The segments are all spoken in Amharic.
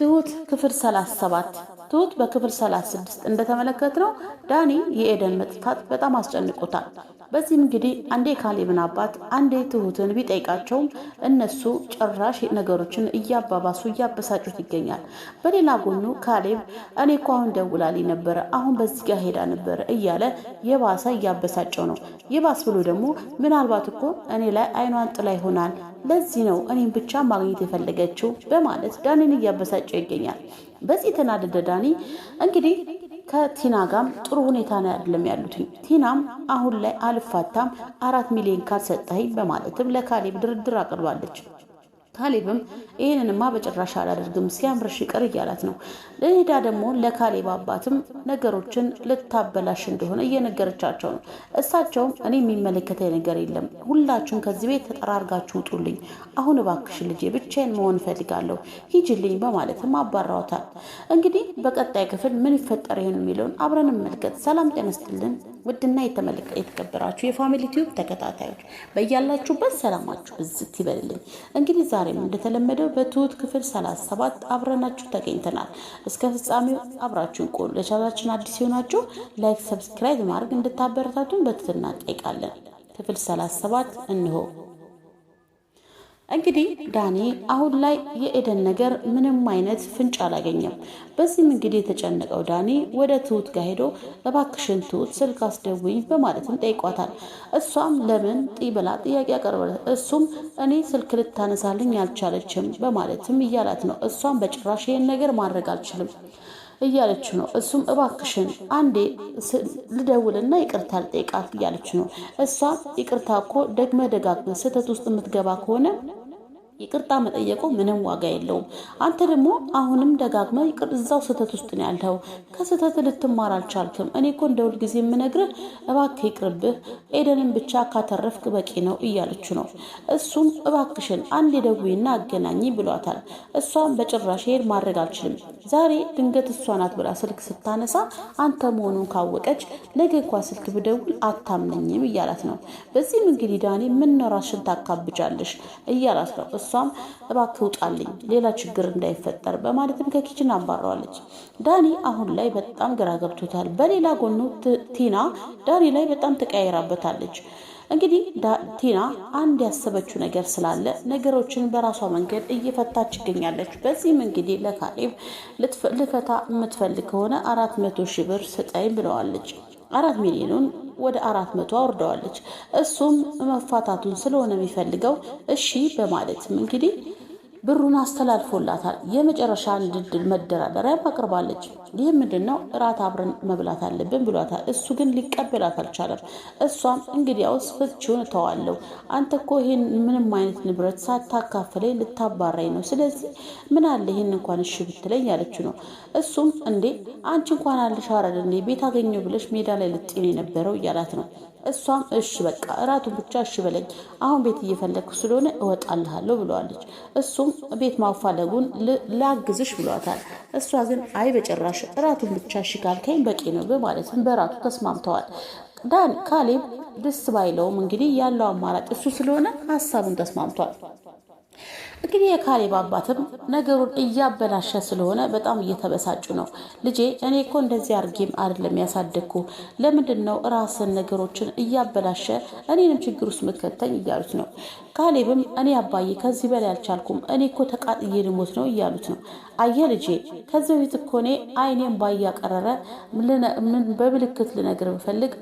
ትሁት ክፍል 37 ትሁት በክፍል 36 እንደተመለከትነው ዳኒ የኤደን መጥታት በጣም አስጨንቆታል። በዚህም እንግዲህ አንዴ ካሌብን አባት አንዴ ትሁትን ቢጠይቃቸውም እነሱ ጭራሽ ነገሮችን እያባባሱ እያበሳጩት ይገኛል። በሌላ ጎኑ ካሌብ እኔ እኮ አሁን ደውላልኝ ነበረ፣ አሁን በዚህ ጋር ሄዳ ነበረ እያለ የባሰ እያበሳጨው ነው። የባስ ብሎ ደግሞ ምናልባት እኮ እኔ ላይ አይኗን ጥላ ይሆናል ለዚህ ነው እኔም ብቻ ማግኘት የፈለገችው በማለት ዳኒን እያበሳጨው ይገኛል። በዚህ የተናደደ ዳኒ እንግዲህ ከቲና ጋም ጥሩ ሁኔታ ነው አይደለም ያሉትኝ። ቲናም አሁን ላይ አልፋታም አራት ሚሊዮን ካልሰጠኸኝ በማለትም ለካሌብ ድርድር አቅርባለች። ካሌብም ይህንንማ በጭራሽ አላደርግም ሲያምርሽ ይቅር እያላት ነው። ለኒዳ ደግሞ ለካሌብ አባትም ነገሮችን ልታበላሽ እንደሆነ እየነገረቻቸው ነው። እሳቸውም እኔ የሚመለከተኝ ነገር የለም፣ ሁላችሁም ከዚህ ቤት ተጠራርጋችሁ ውጡልኝ፣ አሁን እባክሽ ልጄ ብቻዬን መሆን እፈልጋለሁ፣ ሂጅልኝ በማለትም አባራውታል። እንግዲህ በቀጣይ ክፍል ምን ይፈጠር ይሆን የሚለውን አብረን እንመልከት። ሰላም ጤና ይስጥልን። ውድና የተከበራችሁ የፋሚሊ ቲዩብ ተከታታዮች በያላችሁበት ሰላማችሁ ብዝት ይበልልኝ። እንግዲህ ዛሬም እንደተለመደው በትሁት ክፍል ሰባት አብረናችሁ ተገኝተናል። እስከ ፍጻሜው አብራችሁን ቆሉ። ለቻናላችን አዲስ ሲሆናችሁ ላይክ፣ ሰብስክራይብ ማድረግ እንድታበረታቱን በትህትና እንጠይቃለን። ክፍል ሰባት እንሆ። እንግዲህ ዳኒ አሁን ላይ የኤደን ነገር ምንም አይነት ፍንጭ አላገኘም። በዚህም እንግዲህ የተጨነቀው ዳኒ ወደ ትሁት ጋር ሄዶ እባክሽን ትሁት ስልክ አስደውኝ በማለትም ጠይቋታል። እሷም ለምን ብላ ጥያቄ ያቀርባል። እሱም እኔ ስልክ ልታነሳልኝ አልቻለችም በማለትም እያላት ነው። እሷም በጭራሽ ይህን ነገር ማድረግ አልችልም እያለች ነው። እሱም እባክሽን አንዴ ልደውልና ይቅርታ ልጠይቃት እያለች ነው። እሷ ይቅርታ እኮ ደግመህ ደጋግመህ ስህተት ውስጥ የምትገባ ከሆነ ይቅርታ መጠየቁ ምንም ዋጋ የለውም። አንተ ደግሞ አሁንም ደጋግመ እዛው ስህተት ውስጥ ነው ያለው። ከስህተት ልትማር አልቻልክም። እኔ እኮ እንደ ሁልጊዜ የምነግርህ እባክህ ይቅርብህ፣ ኤደንን ብቻ ካተረፍክ በቂ ነው እያለች ነው። እሱም እባክሽን አንድ የደዌና አገናኝ ብሏታል። እሷም በጭራሽ ሄድ ማድረግ አልችልም። ዛሬ ድንገት እሷ ናት ብላ ስልክ ስታነሳ አንተ መሆኑን ካወቀች ነገ እንኳ ስልክ ብደውል አታምነኝም እያላት ነው። በዚህም እንግዲህ ዳኔ ምን ነው ራስሽን ታካብጃለሽ እያላት ነው። እሷም እባክህ ውጣልኝ ሌላ ችግር እንዳይፈጠር በማለትም ከኪችን አባረዋለች። ዳኒ አሁን ላይ በጣም ግራ ገብቶታል። በሌላ ጎኑ ቲና ዳኒ ላይ በጣም ተቀያይራበታለች። እንግዲህ ቲና አንድ ያሰበችው ነገር ስላለ ነገሮችን በራሷ መንገድ እየፈታች ይገኛለች። በዚህም እንግዲህ ለካሌብ ልፈታ የምትፈልግ ከሆነ አራት መቶ ሺህ ብር ስጠኝ ብለዋለች። አራት ሚሊዮኑን ወደ አራት መቶ አውርደዋለች። እሱም መፋታቱን ስለሆነ የሚፈልገው እሺ በማለትም እንግዲህ ብሩን አስተላልፎላታል። የመጨረሻ አንድ እድል መደራደሪያም አቅርባለች። ይህ ምንድን ነው? እራት አብረን መብላት አለብን ብሏታል። እሱ ግን ሊቀበላት አልቻለም። እሷም እንግዲያውስ ፍቺውን እተዋለሁ፣ አንተ እኮ ይህን ምንም አይነት ንብረት ሳታካፍለኝ ልታባራኝ ነው። ስለዚህ ምን አለ ይህን እንኳን እሺ ብትለኝ ያለችው ነው። እሱም እንዴ አንቺ እንኳን አለሽ አረድ እንዴ ቤት አገኘው ብለሽ ሜዳ ላይ ነው የነበረው እያላት ነው። እሷም እሺ በቃ እራቱን ብቻ እሺ በለኝ፣ አሁን ቤት እየፈለግኩ ስለሆነ እወጣልሃለሁ ብለዋለች። እሱም ቤት ማፋለጉን ላግዝሽ ብሏታል። እሷ ግን አይ በጭራሽ እራቱን ብቻ እሺ ካልከኝ በቂ ነው በማለትም በራቱ ተስማምተዋል። ዳን ካሌብ ደስ ባይለውም እንግዲህ ያለው አማራጭ እሱ ስለሆነ ሀሳቡን ተስማምቷል። እንግዲህ የካሌብ አባትም ነገሩን እያበላሸ ስለሆነ በጣም እየተበሳጩ ነው። ልጄ እኔ እኮ እንደዚህ አድርጌም አይደለም ያሳደግኩ። ለምንድን ነው ራስን ነገሮችን እያበላሸ እኔንም ችግር ውስጥ ምትከተኝ? እያሉት ነው። ካሌብም እኔ አባዬ ከዚህ በላይ አልቻልኩም፣ እኔ እኮ ተቃጥዬ ልሞት ነው እያሉት ነው። አየ ልጄ ከዚህ በፊት እኮ እኔ አይኔም ባያቀረረ በምልክት ልነግር ብፈልግ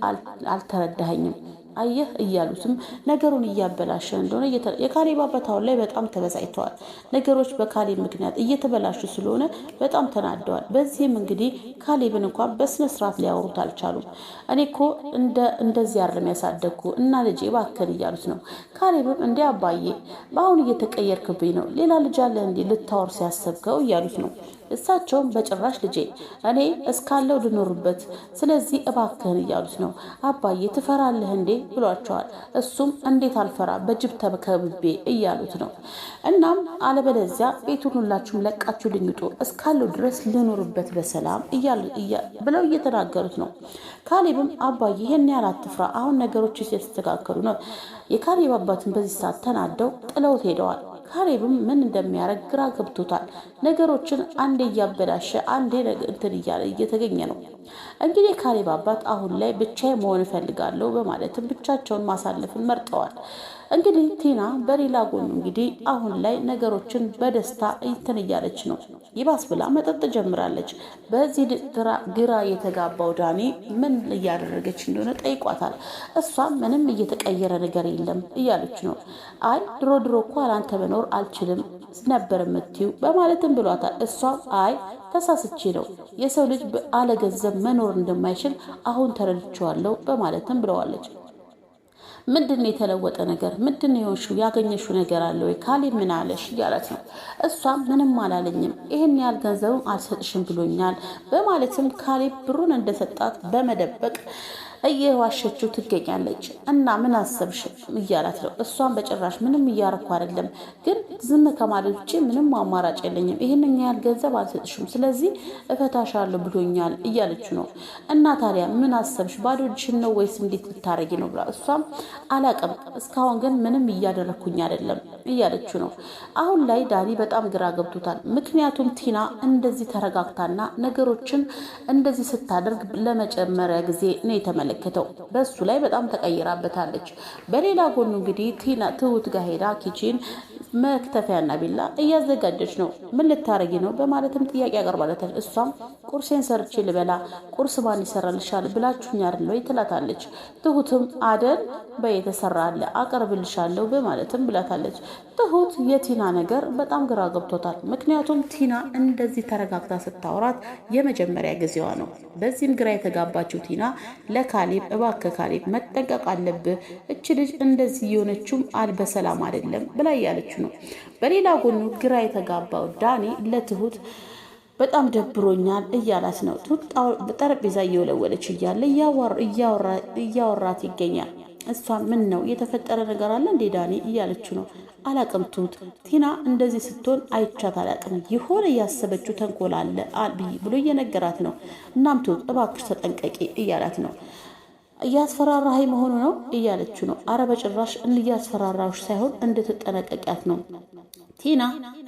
አልተረዳኸኝም አየህ እያሉትም ነገሩን እያበላሸ እንደሆነ የካሌብ አባት አሁን ላይ በጣም ተበሳጭተዋል። ነገሮች በካሌብ ምክንያት እየተበላሹ ስለሆነ በጣም ተናደዋል። በዚህም እንግዲህ ካሌብን እንኳን በስነስርዓት ሊያወሩት አልቻሉም። እኔ እኮ እንደዚህ አርም ያሳደግኩ እና ልጅ እባክህን እያሉት ነው። ካሌብም እንዲ አባዬ በአሁን እየተቀየርክብኝ ነው ሌላ ልጅ አለ እንዲ ልታወር ሲያሰብከው እያሉት ነው። እሳቸውም በጭራሽ ልጄ እኔ እስካለው ልኖርበት፣ ስለዚህ እባክህን እያሉት ነው። አባዬ ትፈራለህ እንዴ ብሏቸዋል። እሱም እንዴት አልፈራ በጅብ ተከብቤ እያሉት ነው። እናም አለበለዚያ ቤቱን ሁላችሁም ለቃችሁ ልኝጡ፣ እስካለው ድረስ ልኖርበት በሰላም ብለው እየተናገሩት ነው። ካሌብም አባዬ ይህን ያህል አትፍራ፣ አሁን ነገሮች እየተስተካከሉ ነው። የካሌብ አባትን በዚህ ሰዓት ተናደው ጥለውት ሄደዋል። ካሌብም ምን እንደሚያደርግ ግራ ገብቶታል። ነገሮችን አንዴ እያበላሸ አንዴ እንትን እያለ እየተገኘ ነው። እንግዲህ ካሌብ አባት አሁን ላይ ብቻዬ መሆን እፈልጋለሁ በማለትም ብቻቸውን ማሳለፍን መርጠዋል። እንግዲህ ቲና በሌላ ጎኑ እንግዲህ አሁን ላይ ነገሮችን በደስታ እንትን እያለች ነው። ይባስ ብላ መጠጥ ጀምራለች። በዚህ ግራ የተጋባው ዳኔ ምን እያደረገች እንደሆነ ጠይቋታል። እሷ ምንም እየተቀየረ ነገር የለም እያለች ነው። አይ ድሮ ድሮ እኮ አላንተ መኖር አልችልም ነበር የምትዩ በማለትም ብሏታል። እሷም አይ ተሳስቼ ነው። የሰው ልጅ አለገንዘብ መኖር እንደማይችል አሁን ተረድቼዋለሁ በማለትም ብለዋለች። ምንድን ነው የተለወጠ ነገር? ምንድን ነው የሆንሽው? ያገኘሽው ነገር አለ ወይ? ካሌ ምን አለሽ? እያለት ነው። እሷም ምንም አላለኝም፣ ይህን ያህል ገንዘብም አልሰጥሽም ብሎኛል በማለትም ካሌ ብሩን እንደሰጣት በመደበቅ እየዋሸችው ትገኛለች። እና ምን አሰብሽ እያላት ነው። እሷን በጭራሽ ምንም እያረኩ አይደለም፣ ግን ዝም ከማለት ውጭ ምንም አማራጭ የለኝም። ይህን ያህል ገንዘብ አልሰጥሽም፣ ስለዚህ እፈታሻለሁ ብሎኛል እያለች ነው። እና ታዲያ ምን አሰብሽ? ባዶ እጅሽን ነው ወይስ እንዴት ልታረጊ ነው ብላ እሷም አላቅም፣ እስካሁን ግን ምንም እያደረኩኝ አይደለም እያለች ነው። አሁን ላይ ዳኒ በጣም ግራ ገብቶታል። ምክንያቱም ቲና እንደዚህ ተረጋግታና ነገሮችን እንደዚህ ስታደርግ ለመጨመሪያ ጊዜ ነው የተመለ የሚመለከተው በሱ ላይ በጣም ተቀይራበታለች። በሌላ ጎኑ እንግዲህ ትሁት ጋር ሄዳ ኪችን መክተፊያና ቢላ እያዘጋጀች ነው። ምን ልታረጊ ነው በማለትም ጥያቄ ያቀርባለታል። እሷም ቁርሴን ሰርቼ ልበላ ቁርስ ማን ይሰራልሻል ብላችሁኝ አይደል ወይ ትላታለች። ትሁትም አደን በየተሰራ አለ አቀርብልሻለሁ በማለትም ብላታለች። ትሁት የቲና ነገር በጣም ግራ ገብቶታል። ምክንያቱም ቲና እንደዚህ ተረጋግታ ስታወራት የመጀመሪያ ጊዜዋ ነው። በዚህም ግራ የተጋባችው ቲና ለካሌብ እባክህ ካሌብ መጠንቀቅ አለብህ፣ እች ልጅ እንደዚህ የሆነችም አልበሰላም አይደለም ብላ እያለችው ነው። በሌላ ጎኑ ግራ የተጋባው ዳኔ ለትሁት በጣም ደብሮኛል እያላት ነው። ትሁት ጠረጴዛ እየወለወለች እያለ እያወራት ይገኛል። እሷ ምን ነው የተፈጠረ ነገር አለ እንዴ ዳኔ እያለችው ነው። አላቅም ትሁት ቲና እንደዚህ ስትሆን አይቻት አላቅም። የሆነ ያሰበችው ተንኮል አለ ብሎ እየነገራት ነው። እናም ትሁት እባክሽ ተጠንቀቂ እያላት ነው። እያስፈራራህ መሆኑ ነው እያለችው ነው። አረ በጭራሽ እያስፈራራሽ ሳይሆን እንድትጠነቀቂያት ነው። ቲና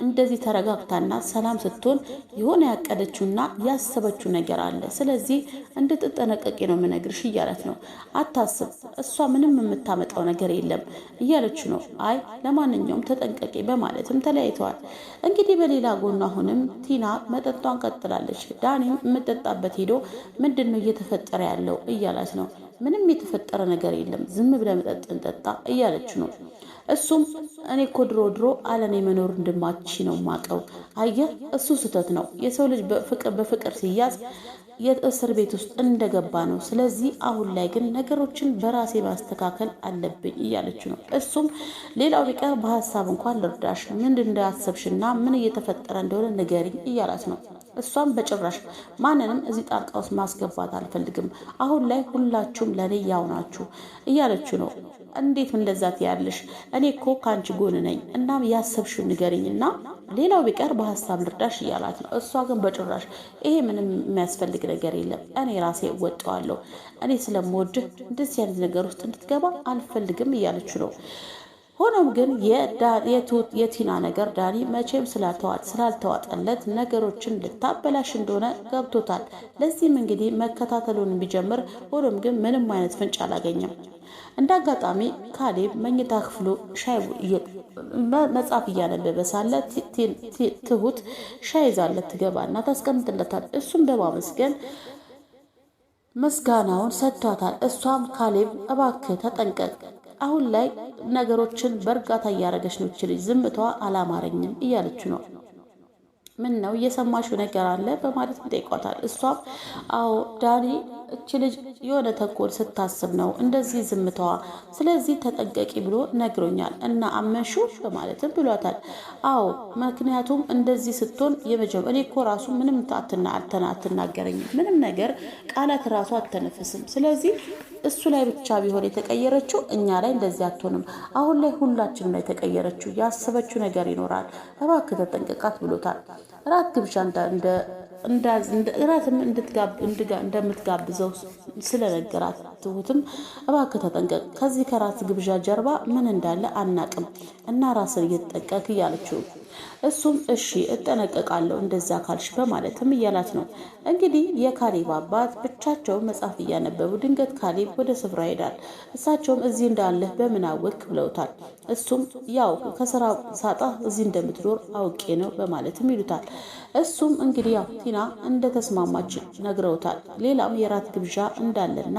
እንደዚህ ተረጋግታና ሰላም ስትሆን የሆነ ያቀደችውና ያሰበችው ነገር አለ። ስለዚህ እንድትጠነቀቂ ነው የምነግርሽ እያለት ነው። አታስብ፣ እሷ ምንም የምታመጣው ነገር የለም እያለች ነው። አይ ለማንኛውም ተጠንቀቂ በማለትም ተለያይተዋል። እንግዲህ በሌላ ጎኑ አሁንም ቲና መጠጧን ቀጥላለች። ዳኒም የምጠጣበት ሄዶ ምንድን ነው እየተፈጠረ ያለው እያላት ነው። ምንም የተፈጠረ ነገር የለም፣ ዝም ብለህ መጠጥ እንጠጣ እያለች ነው። እሱም እኔ እኮ ድሮ ድሮ አለኔ እንድማቺ ነው ማቀው። አየህ፣ እሱ ስህተት ነው። የሰው ልጅ በፍቅር ሲያዝ የእስር ቤት ውስጥ እንደገባ ነው። ስለዚህ አሁን ላይ ግን ነገሮችን በራሴ ማስተካከል አለብኝ እያለች ነው። እሱም ሌላው ሊቀር በሀሳብ እንኳን ልርዳሽ፣ ምንድን እንዳያሰብሽና ምን እየተፈጠረ እንደሆነ ንገሪኝ እያላት ነው። እሷን በጭራሽ ማንንም እዚህ ጣልቃ ውስጥ ማስገባት አልፈልግም። አሁን ላይ ሁላችሁም ለእኔ ያው ናችሁ እያለችው ነው። እንዴት እንደዛ ትያለሽ? እኔ እኮ ከአንቺ ጎን ነኝ። እናም ያሰብሽው ንገርኝ እና ሌላው ቢቀር በሀሳብ ልርዳሽ እያላት ነው። እሷ ግን በጭራሽ ይሄ ምንም የሚያስፈልግ ነገር የለም፣ እኔ ራሴ እወጣዋለሁ። እኔ ስለምወድህ እንደዚህ አይነት ነገር ውስጥ እንድትገባ አልፈልግም እያለች ነው። ሆኖም ግን የቲና ነገር ዳኒ መቼም ስላልተዋጠለት ነገሮችን ልታበላሽ እንደሆነ ገብቶታል። ለዚህም እንግዲህ መከታተሉን ቢጀምር ሆኖም ግን ምንም አይነት ፍንጭ አላገኘም። እንደ አጋጣሚ ካሌብ መኝታ ክፍሉ ሻይ መጽሐፍ እያነበበ ሳለ ትሁት ሻይ ይዛለት ትገባና ታስቀምጥለታል። እሱም በማመስገን ምስጋናውን ሰጥቷታል። እሷም ካሌብ እባክህ ተጠንቀቅ አሁን ላይ ነገሮችን በእርጋታ እያደረገች ነው። ይችል ዝምታዋ አላማረኝም እያለች ነው። ምን ነው እየሰማሽው ነገር አለ በማለት ይጠይቋታል። እሷም አዎ ዳኒ እች ልጅ የሆነ ተኮር ስታስብ ነው እንደዚህ ዝምታዋ። ስለዚህ ተጠንቀቂ ብሎ ነግሮኛል እና አመሹ በማለትም ብሏታል። አዎ ምክንያቱም እንደዚህ ስትሆን የመጀመ እኔ እኮ ራሱ ምንም አትና አትናገረኝም ምንም ነገር ቃላት ራሱ አተነፍስም። ስለዚህ እሱ ላይ ብቻ ቢሆን የተቀየረችው እኛ ላይ እንደዚህ አትሆንም። አሁን ላይ ሁላችንም ላይ የተቀየረችው ያሰበችው ነገር ይኖራል። እባክህ ተጠንቀቃት ብሎታል። ራት ግብዣ እንደምትጋብዝ አስይዘው ስለነገራት ትሁትም እባክህ ተጠንቀቅ፣ ከዚህ ከራት ግብዣ ጀርባ ምን እንዳለ አናቅም እና ራስን እየተጠንቀቅ እያለችው እሱም እሺ እጠነቀቃለሁ እንደዛ ካልሽ በማለትም እያላት ነው። እንግዲህ የካሌብ አባት ብቻቸውን መጽሐፍ እያነበቡ ድንገት ካሌብ ወደ ስፍራ ይሄዳል። እሳቸውም እዚህ እንዳለህ በምን ብለውታል። እሱም ያው ከስራ ሳጣ እዚህ እንደምትኖር አውቄ ነው በማለትም ይሉታል። እሱም እንግዲህ ያው ቲና እንደተስማማች ነግረውታል። ሌላም የራት ግብዣ እንዳለና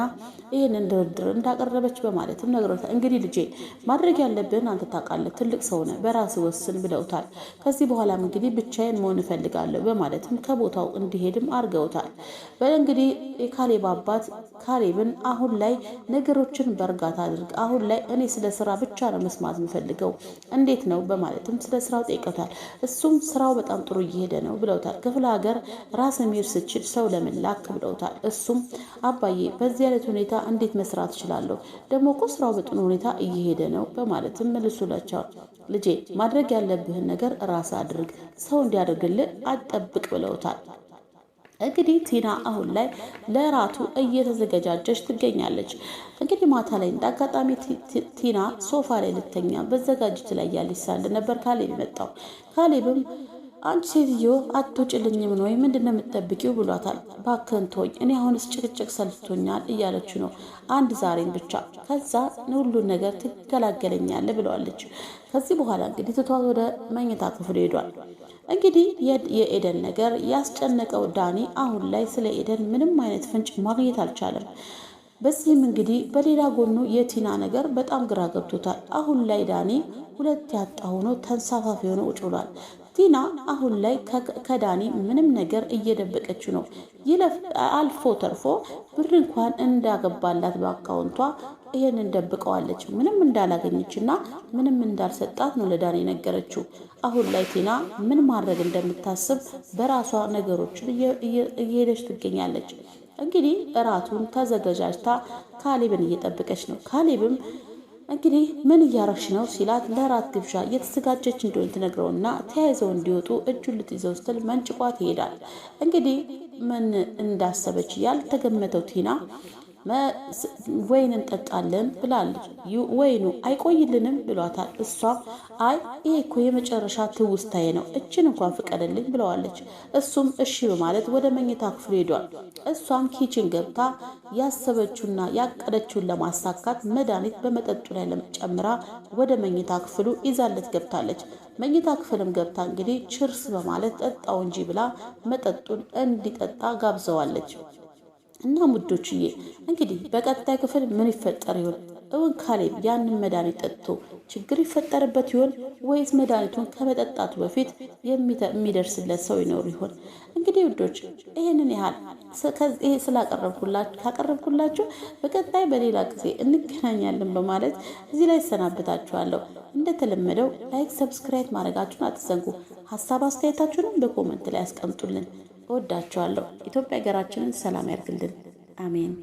ይህንን ድርድር እንዳቀረበች በማለትም ነግሮታል። እንግዲህ ልጄ ማድረግ ያለብን አንተ ታውቃለህ፣ ትልቅ ሰው ነህ፣ ወስን ብለውታል። ከዚህ በኋላም እንግዲህ ብቻዬን መሆን እፈልጋለሁ በማለትም ከቦታው እንዲሄድም አድርገውታል። እንግዲህ የካሌብ አባት ካሌብን አሁን ላይ ነገሮችን በእርጋታ አድርግ፣ አሁን ላይ እኔ ስለ ስራ ብቻ ነው መስማት የምፈልገው እንዴት ነው በማለትም ስለ ስራው ጠይቀውታል። እሱም ስራው በጣም ጥሩ እየሄደ ነው ብለውታል። ክፍለ ሀገር ራስ የሚር ስችል ሰው ላክ ብለውታል። እሱም አባዬ በዚህ አይነት ሁኔታ እንዴት መስራት እችላለሁ? ደግሞ እኮ ስራው በጥኑ ሁኔታ እየሄደ ነው በማለትም መልሱላቸዋል። ልጄ ማድረግ ያለብህን ነገር ራስ አድርግ፣ ሰው እንዲያደርግልህ አጠብቅ ብለውታል። እንግዲህ ቲና አሁን ላይ ለራቱ እየተዘገጃጀች ትገኛለች። እንግዲህ ማታ ላይ እንደ አጋጣሚ ቲና ሶፋ ላይ ልተኛ በዘጋጅት ላይ ያለች ሳለ ነበር ካሌብ የመጣው። ካሌብም አንቺ ሴትዮ አትውጭልኝም ነው ወይ ምንድን ነው የምትጠብቂው? ብሏታል። እባክህን ተወኝ፣ እኔ አሁንስ ጭቅጭቅ ሰልችቶኛል እያለች ነው። አንድ ዛሬን ብቻ ከዛ ሁሉን ነገር ትገላገለኛለህ ብለዋለች። ከዚህ በኋላ እንግዲህ ትቷት ወደ መኝታ ክፍሉ ሄዷል። እንግዲህ የኤደን ነገር ያስጨነቀው ዳኒ አሁን ላይ ስለ ኤደን ምንም አይነት ፍንጭ ማግኘት አልቻለም። በዚህም እንግዲህ በሌላ ጎኑ የቲና ነገር በጣም ግራ ገብቶታል። አሁን ላይ ዳኒ ሁለት ያጣ ሆኖ ተንሳፋፊ ሆኖ ውጭ ብሏል። ቲና አሁን ላይ ከዳኒ ምንም ነገር እየደበቀችው ነው። አልፎ ተርፎ ብር እንኳን እንዳገባላት በአካውንቷ ይህንን ደብቀዋለች። ምንም እንዳላገኘችና ምንም እንዳልሰጣት ነው ለዳኒ ነገረችው። አሁን ላይ ቲና ምን ማድረግ እንደምታስብ በራሷ ነገሮችን እየሄደች ትገኛለች። እንግዲህ እራቱን ተዘገጃጅታ ካሌብን እየጠበቀች ነው። ካሌብም እንግዲህ ምን እያረሽ ነው ሲላት ለራት ግብዣ እየተዘጋጀች እንደሆነ ትነግረውና ተያይዘው እንዲወጡ እጁን ልትይዘው ስትል መንጭቋት ይሄዳል። እንግዲህ ምን እንዳሰበች ያልተገመተው ቲና ወይን እንጠጣለን ብላለች። ወይኑ አይቆይልንም ብሏታል። እሷም አይ ይሄ እኮ የመጨረሻ ትውስታዬ ነው፣ እችን እንኳን ፍቀድልኝ ብለዋለች። እሱም እሺ በማለት ወደ መኝታ ክፍሉ ሄዷል። እሷም ኪችን ገብታ ያሰበችውና ያቀደችውን ለማሳካት መድኃኒት በመጠጡ ላይ ጨምራ ወደ መኝታ ክፍሉ ይዛለት ገብታለች። መኝታ ክፍልም ገብታ እንግዲህ ችርስ በማለት ጠጣው እንጂ ብላ መጠጡን እንዲጠጣ ጋብዘዋለች። እና ውዶችዬ እንግዲህ በቀጣይ ክፍል ምን ይፈጠር ይሆን? እውን ካሌብ ያንን መድኃኒት ጠጥቶ ችግር ይፈጠርበት ይሆን ወይስ መድኃኒቱን ከመጠጣቱ በፊት የሚደርስለት ሰው ይኖር ይሆን? እንግዲህ ውዶች ይህንን ያህል ይሄ ስላቀረብኩላችሁ በቀጣይ በሌላ ጊዜ እንገናኛለን በማለት እዚህ ላይ ይሰናብታችኋለሁ። እንደተለመደው ላይክ፣ ሰብስክራይብ ማድረጋችሁን አትዘንጉ። ሀሳብ አስተያየታችሁንም በኮመንት ላይ ያስቀምጡልን። እወዳችኋለሁ። ኢትዮጵያ ሀገራችንን ሰላም ያርግልን። አሜን።